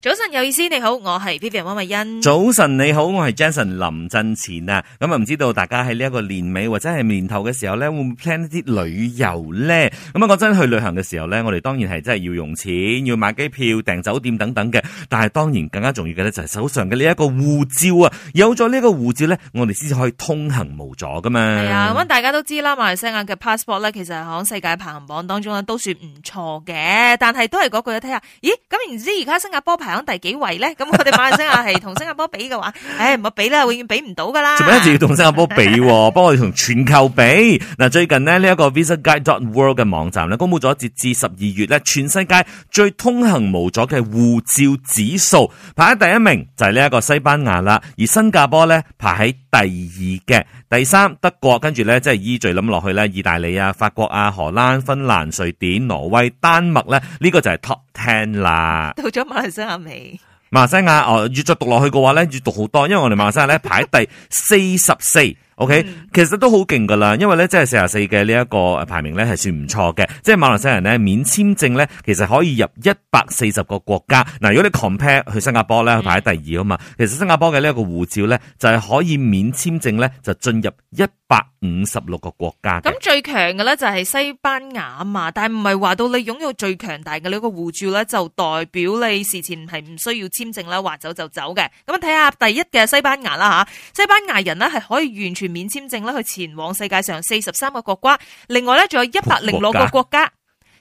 早晨有意思，你好，我係 Vivian 溫慧欣。早晨你好，我係 Jason 林振前啊。咁啊，唔知道大家喺呢一個年尾或者係年頭嘅時候咧，會唔會 plan 啲旅遊咧？咁啊，講真，去旅行嘅時候咧，我哋當然係真係要用錢，要買機票、訂酒店等等嘅。但係當然更加重要嘅咧，就係手上嘅呢一個護照啊。有咗呢個護照咧，我哋先至可以通行無阻噶嘛。係啊，咁、嗯、大家都知啦，馬來西亞嘅 passport 咧，其實響世界排行榜當中呢，都算唔錯嘅，但係都係嗰句，睇下，咦？咁然知而家新加坡第幾位咧？咁我哋馬來西亞係同新加坡比嘅話，誒唔好比啦，永遠比唔到噶啦。做咩一定要同新加坡比？幫 我哋同全球比嗱。最近呢，呢一個 VisaGuide.World 嘅網站咧，公佈咗截至十二月咧，全世界最通行無阻嘅護照指數，排喺第一名就係呢一個西班牙啦，而新加坡咧排喺第二嘅，第三德國，跟住咧即係依序諗落去咧，意大利啊、法國啊、荷蘭、芬蘭、瑞典、挪威、丹麥咧，呢、這個就係 Top Ten 啦。到咗馬來西亞未馬來西亞哦，越著讀落去嘅話咧，越讀好多，因為我哋馬來西亞咧排第四十四，OK，、嗯、其實都好勁噶啦，因為咧即係四十四嘅呢一個排名咧係算唔錯嘅，即係馬來西亞人咧免簽證咧其實可以入一百四十個國家。嗱、呃，如果你 compare 去新加坡咧，佢 排第二啊嘛，其實新加坡嘅呢一個護照咧就係、是、可以免簽證咧就進入一百五十六個國家，咁最強嘅咧就係西班牙嘛，但係唔係話到你擁有最強大嘅呢個護照咧，就代表你事前係唔需要簽證啦，話走就走嘅。咁啊，睇下第一嘅西班牙啦吓，西班牙人呢係可以完全免簽證啦，去前往世界上四十三個國家，另外咧仲有一百零六個國家。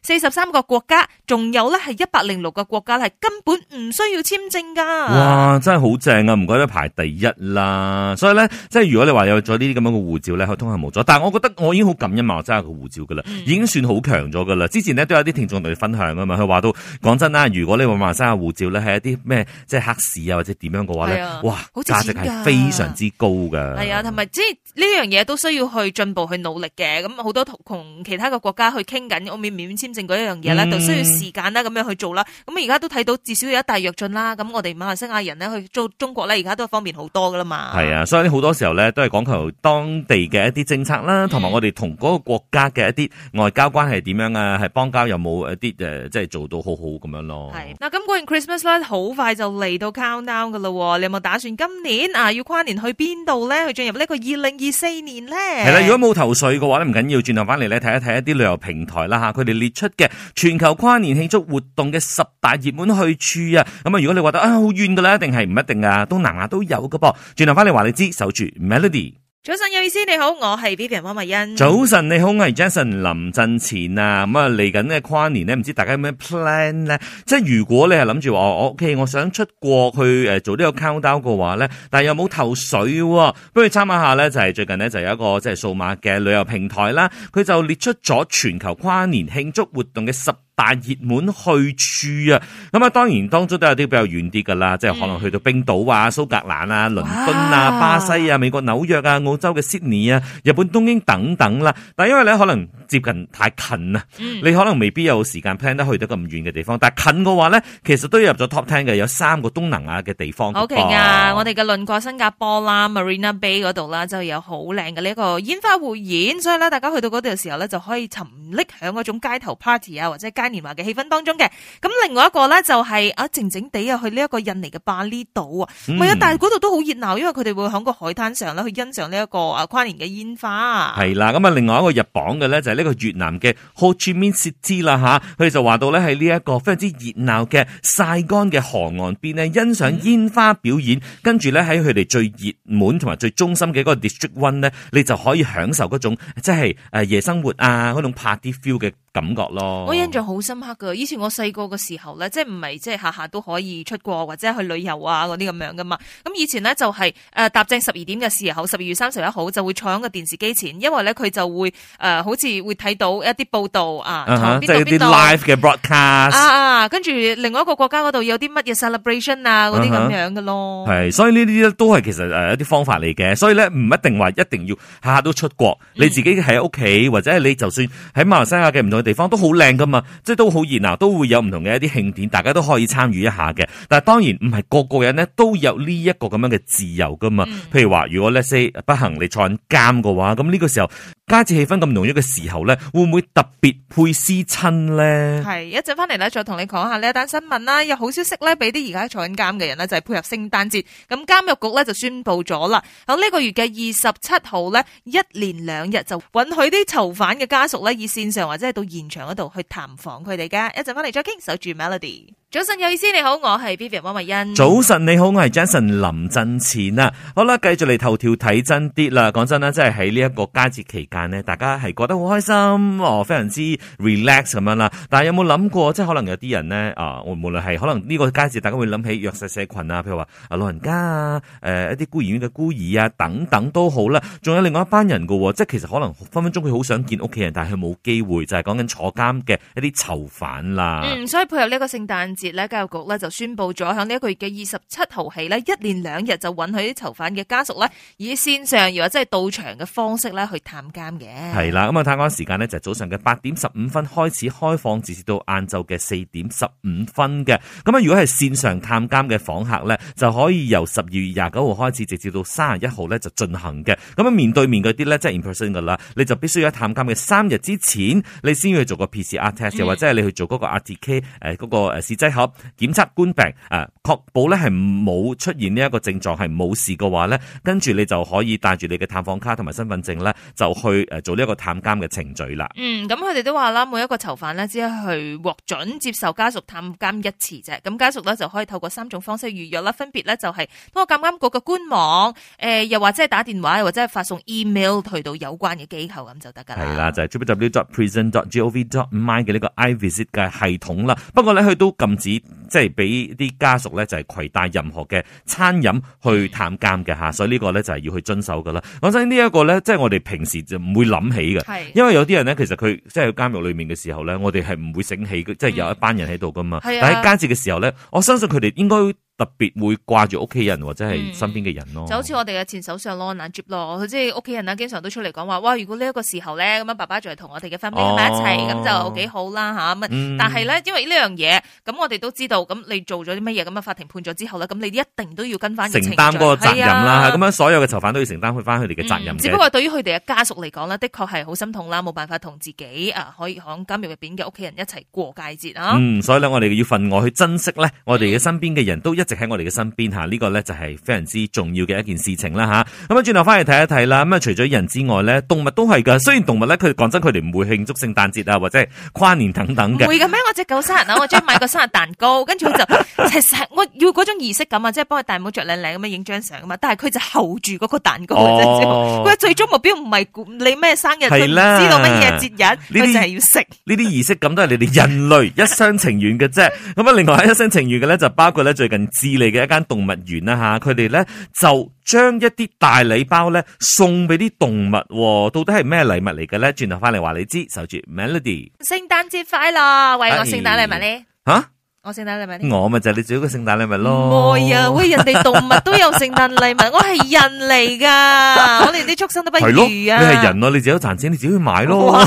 四十三個國家，仲有咧係一百零六個國家係根本唔需要簽證噶。哇，真係好正啊！唔怪得排第一啦。所以咧，即係如果你話有咗呢啲咁樣嘅護照咧，可通行無阻。但係我覺得我已經好感恩馬來西亞嘅護照噶啦，嗯，已經算好強咗噶啦。之前呢，都有啲聽眾同你分享㗎嘛，佢話到，講真啦，如果你話馬來西亞護照咧係一啲咩即係黑市啊或者點樣嘅話咧，哇，啊，價值係非常之高噶。係啊，同埋即係呢樣嘢都需要去進步去努力嘅。咁，嗯、好多同其他嘅國家去傾緊，我免簽。成個一樣嘢咧，就需要時間啦，咁樣去做啦。咁而家都睇到，至少有一大躍進啦。咁我哋馬來西亞人呢去做中國咧，而家都方便好多噶啦嘛。係啊，所以好多時候咧，都係講求當地嘅一啲政策啦，同、嗯、埋我哋同嗰個國家嘅一啲外交關係點樣有有、就是、啊，係邦交有冇一啲誒，即係做到好好咁樣咯。係。嗱，咁過完 Christmas 啦，好快就嚟到 count down 㗎啦。你有冇打算今年啊，要跨年去邊度咧？去進入個2024呢個二零二四年咧？係啦、啊，如果冇頭緒嘅話咧，唔緊要，轉頭翻嚟咧，睇一睇一啲旅遊平台啦嚇，佢哋列出嘅全球跨年慶祝活動嘅十大熱門去處啊，咁啊如果你話得啊好遠噶啦，一定係唔一定啊東南亞都有噶噃。轉頭翻嚟話你知守住 Melody。早晨，有意思你好，我係 Vivian 汪慧欣。早晨你好，我係 Jason 林振前啊。咁啊，嚟緊咧跨年咧，唔知大家有咩 plan 咧？即係如果你係諗住話，我 OK，我想出國去誒做呢個 countdown 嘅話咧，但係又冇頭水喎。不如參考下咧，就係、是、最近咧就有一個即係數碼嘅旅遊平台啦，佢就列出咗全球跨年慶祝活動嘅十大熱門去處啊！咁啊，當然當中都有啲比較遠啲噶啦，即係可能去到冰島啊、嗯、蘇格蘭啊、倫敦啊、巴西啊、美國紐約啊、澳洲嘅 Sydney 啊、日本東京等等啦。但係因為咧可能接近太近啊、嗯，你可能未必有時間 plan 得去到咁遠嘅地方。但係近嘅話咧，其實都要入咗 top ten 嘅，有三個東南亞嘅地方。OK 啊、哦，我哋嘅鄰國新加坡啦，Marina Bay 嗰度啦，就有好靚嘅呢個煙花匯演，所以咧大家去到嗰度嘅時候咧就可以沉溺響嗰種街頭 party 啊，或者街嘉年華嘅氣氛當中嘅，咁另外一個咧就係、是、啊靜靜地啊去呢一個印尼嘅巴厘島啊，係、嗯、啊，但係嗰度都好熱鬧，因為佢哋會響個海灘上咧去欣賞呢一個啊跨年嘅煙花。係啦，咁啊另外一個入榜嘅咧就係呢個越南嘅 Ho Chi Minh City 啦吓，佢哋就話到咧喺呢一個非常之熱鬧嘅 Saigon 嘅河岸邊咧欣賞煙花表演，嗯、跟住咧喺佢哋最熱門同埋最中心嘅嗰個 District One 咧，你就可以享受嗰種即係誒夜生活啊嗰種 Party feel 嘅。感覺咯，我印象好深刻噶。以前我細個嘅時候咧，即係唔係即係下下都可以出國或者去旅遊啊嗰啲咁樣噶嘛。咁以前呢，就係、是、誒，踏正十二點嘅時候，十二月三十一號就會坐喺個電視機前，因為咧佢就會誒、呃，好似會睇到一啲報道啊，邊、啊、即係一啲 live 嘅 broadcast 啊啊，跟住另外一個國家嗰度有啲乜嘢 celebration 啊嗰啲咁樣嘅咯。係，所以呢啲都係其實誒一啲方法嚟嘅。所以咧唔一定話一定要下下都出國，你自己喺屋企或者你就算喺馬來西亞嘅唔同。地方都好靚噶嘛，即係都好熱鬧，都會有唔同嘅一啲慶典，大家都可以參與一下嘅。但係當然唔係個個人咧都有呢一個咁樣嘅自由噶嘛、嗯。譬如話，如果 let's say 不行，你坐緊監嘅話，咁呢個時候。家節氣氛咁濃郁嘅時候咧，會唔會特別配思親咧？係一陣翻嚟咧，再同你講下呢一單新聞啦。有好消息咧，俾啲而家坐緊監嘅人咧，就係、是、配合聖誕節。咁監獄局咧就宣布咗啦，喺呢個月嘅二十七號咧，一連兩日就允許啲囚犯嘅家屬咧，以線上或者係到現場嗰度去探訪佢哋噶。一陣翻嚟再傾，守住 Melody。早晨有意思，你好，我係 Vivian 溫慧欣。早晨你好，我係 Jason 林振前啊。好啦，繼續嚟，頭條睇真啲啦。講真啦，即係喺呢一個佳節期間呢，大家係覺得好開心哦，非常之 relax 咁樣啦。但係有冇諗過，即係可能有啲人呢，啊，無論係可能呢個佳節，大家會諗起弱勢社群啊，譬如話啊老人家啊，誒、呃、一啲孤兒院嘅孤兒啊等等都好啦。仲有另外一班人喎，即係其實可能分分鐘佢好想見屋企人，但係佢冇機會，就係講緊坐監嘅一啲囚犯啦、嗯。所以配合呢個聖誕。節咧，教育局咧就宣佈咗喺呢一個月嘅二十七號起咧，一連兩日就允許啲囚犯嘅家屬咧以線上，又或者係到場嘅方式咧去探監嘅。係啦，咁啊探監時間呢，就係早上嘅八點十五分開始開放，直至到晏晝嘅四點十五分嘅。咁啊，如果係線上探監嘅訪客呢，就可以由十二月廿九號開始，直至到三十一號呢就進行嘅。咁啊，面對面嗰啲呢，即係 in person 噶啦，你就必須喺探監嘅三日之前，你先要做個 PCR test，又，嗯，或者係你去做嗰個 RTK，誒嗰個誒試劑盒檢測冠病，誒、呃、確保咧係冇出現呢一個症狀係冇事嘅話咧，跟住你就可以帶住你嘅探訪卡同埋身份證咧，就去誒做呢一個探監嘅程序啦。嗯，咁佢哋都話啦，每一個囚犯呢，只係去獲准接受家屬探監一次啫。咁家屬咧就可以透過三種方式預約啦，分別咧就係通過監監局嘅官網，誒、呃、又或者係打電話，又或者係發送 email 去到有關嘅機構咁就得噶啦。係啦，就係 www.prison.gov.my 嘅呢個 iVisit 嘅系統啦。不過咧佢都咁。只即係俾啲家屬咧，就係攜帶任何嘅餐飲去探監嘅吓，所以呢個咧就係要去遵守噶啦、這個就是，我相信呢一個咧，即係我哋平時就唔會諗起嘅，係因為有啲人咧，其實佢即係喺監獄裏面嘅時候咧，我哋係唔會醒起，即係有一班人喺度噶嘛。但喺佳節嘅時候咧，我相信佢哋應該。特別會掛住屋企人或者係身邊嘅人咯、嗯，就好似我哋嘅前首相納吉咯，佢即係屋企人啊，經常都出嚟講話，哇！如果呢一個時候咧，咁啊，爸爸仲係同我哋嘅分居喺一齊，咁、哦、就幾好啦吓、嗯。但係咧，因為呢樣嘢，咁我哋都知道，咁你做咗啲乜嘢，咁啊，法庭判咗之後咧，咁你一定都要跟翻承擔嗰個責任啦。咁、啊、樣所有嘅囚犯都要承擔翻佢哋嘅責任、嗯、只不過對於佢哋嘅家屬嚟講呢，的確係好心痛啦，冇辦法同自己啊，可以響監獄入邊嘅屋企人一齊過佳節啊、嗯。所以咧，我哋要份外去珍惜咧，我哋嘅身邊嘅人都一、嗯。直喺我哋嘅身邊吓，呢個咧就係非常之重要嘅一件事情啦吓。咁啊，轉頭翻嚟睇一睇啦。咁啊，除咗人之外咧，動物都係噶。雖然動物咧，佢講真，佢哋唔會慶祝聖誕節啊，或者係跨年等等嘅。會嘅咩？我隻狗生日啊，我中意買個生日蛋糕，跟住佢就其實我要嗰種儀式感啊，即係幫佢大帽着靚靚咁樣影張相啊嘛。但係佢就候住嗰個蛋糕。哦。佢最終目標唔係你咩生日，係啦，知道乜嘢節日，佢就係要食。呢啲儀式感都係你哋人類 一廂情願嘅啫。咁啊，另外一廂情願嘅咧就包括咧最近。智利嘅一間動物園啦吓，佢哋咧就將一啲大禮包咧送俾啲動物，到底係咩禮物嚟嘅咧？轉頭翻嚟話你知，守住 Melody。聖誕節快樂，為我聖誕禮物咧？吓、啊，我聖誕禮物來、啊，我咪就係你做一個聖誕禮物咯。哎呀、啊，喂，人哋動物都有聖誕禮物， 我係人嚟噶，我連啲畜生都不如啊！你係人啊，你自己賺錢，你自己去買咯。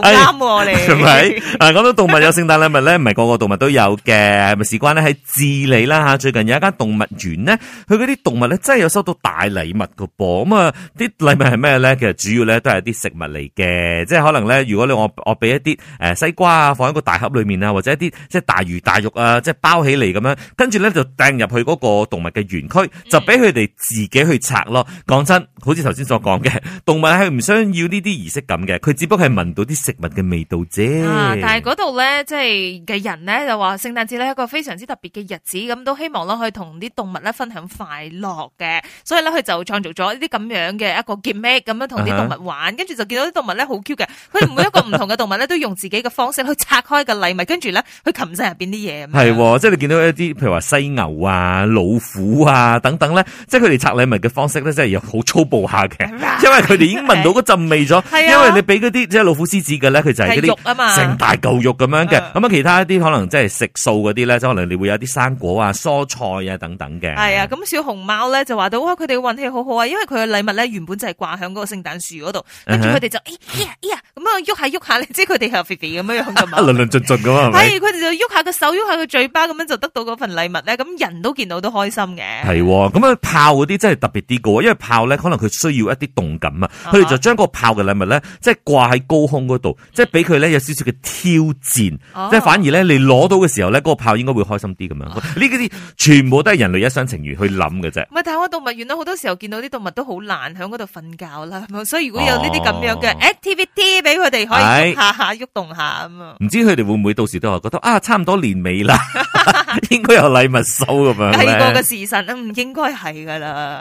啱喎，你係咪？誒，講到動物有聖誕禮物咧，唔係個個動物都有嘅，係咪？事關咧喺智利啦嚇。最近有一間動物園咧，佢嗰啲動物咧真係有收到大禮物㗎噃。咁啊，啲禮物係咩咧？其實主要咧都係啲食物嚟嘅，即係可能咧，如果你我我俾一啲誒西瓜啊，放喺個大盒裏面啊，或者一啲即係大魚大肉啊，即係包起嚟咁樣，跟住咧就掟入去嗰個動物嘅園區，就俾佢哋自己去拆咯。講真，好似頭先所講嘅，動物係唔想要呢啲儀式感嘅，佢只不過係聞到啲食食物嘅味道啫，但係嗰度咧，即係嘅人咧就話聖誕節咧一個非常之特別嘅日子，咁都希望咧去同啲動物咧分享快樂嘅，所以咧佢就創造咗一啲咁樣嘅一個 game 咁樣同啲動物玩，跟住就見到啲動物咧好 Q 嘅，佢每一個唔同嘅動物咧都用自己嘅方式去拆開個禮物，跟住咧去擒晒入邊啲嘢。係，即係你見到一啲譬如話犀牛啊、老虎啊等等咧，即係佢哋拆禮物嘅方式咧，真係又好粗暴下嘅，因為佢哋已經聞到嗰陣味咗，係啊，因為你俾嗰啲即係老虎、獅子。嘅咧，佢就係啲肉啊嘛，成大嚿肉咁樣嘅。咁、嗯、啊，其他一啲可能即係食素嗰啲咧，即可能你會有啲生果啊、蔬菜啊等等嘅。係啊，咁小熊貓咧就話到哇，佢哋運氣好好啊，因為佢嘅禮物咧原本就係掛喺嗰個聖誕樹嗰度，跟住佢哋就、嗯、哎呀咁啊喐下喐下咧，即佢哋係肥肥咁樣嘅，啊，論論盡盡咁啊，係，佢哋就喐下個手，喐下個嘴巴，咁樣就得到嗰份禮物咧。咁人都見到都開心嘅。係、啊，咁啊泡嗰啲真係特別啲嘅，因為泡咧可能佢需要一啲動感啊，佢、嗯、哋就將個泡嘅禮物咧即係掛喺高空嗰度。即係俾佢咧有少少嘅挑戰，哦、即係反而咧你攞到嘅時候咧，嗰個炮應該會開心啲咁樣。呢、哦、啲全部都係人類一廂情願去諗嘅啫。唔係，但係我動物園好多時候見到啲動物都好難喺嗰度瞓覺啦，所以如果有呢啲咁樣嘅 activity 俾佢哋可以下、哦、下喐動下啊。唔知佢哋會唔會到時都係覺得啊，差唔多年尾啦， 應該有禮物收咁樣咧。個嘅事實啊，唔應該係噶啦。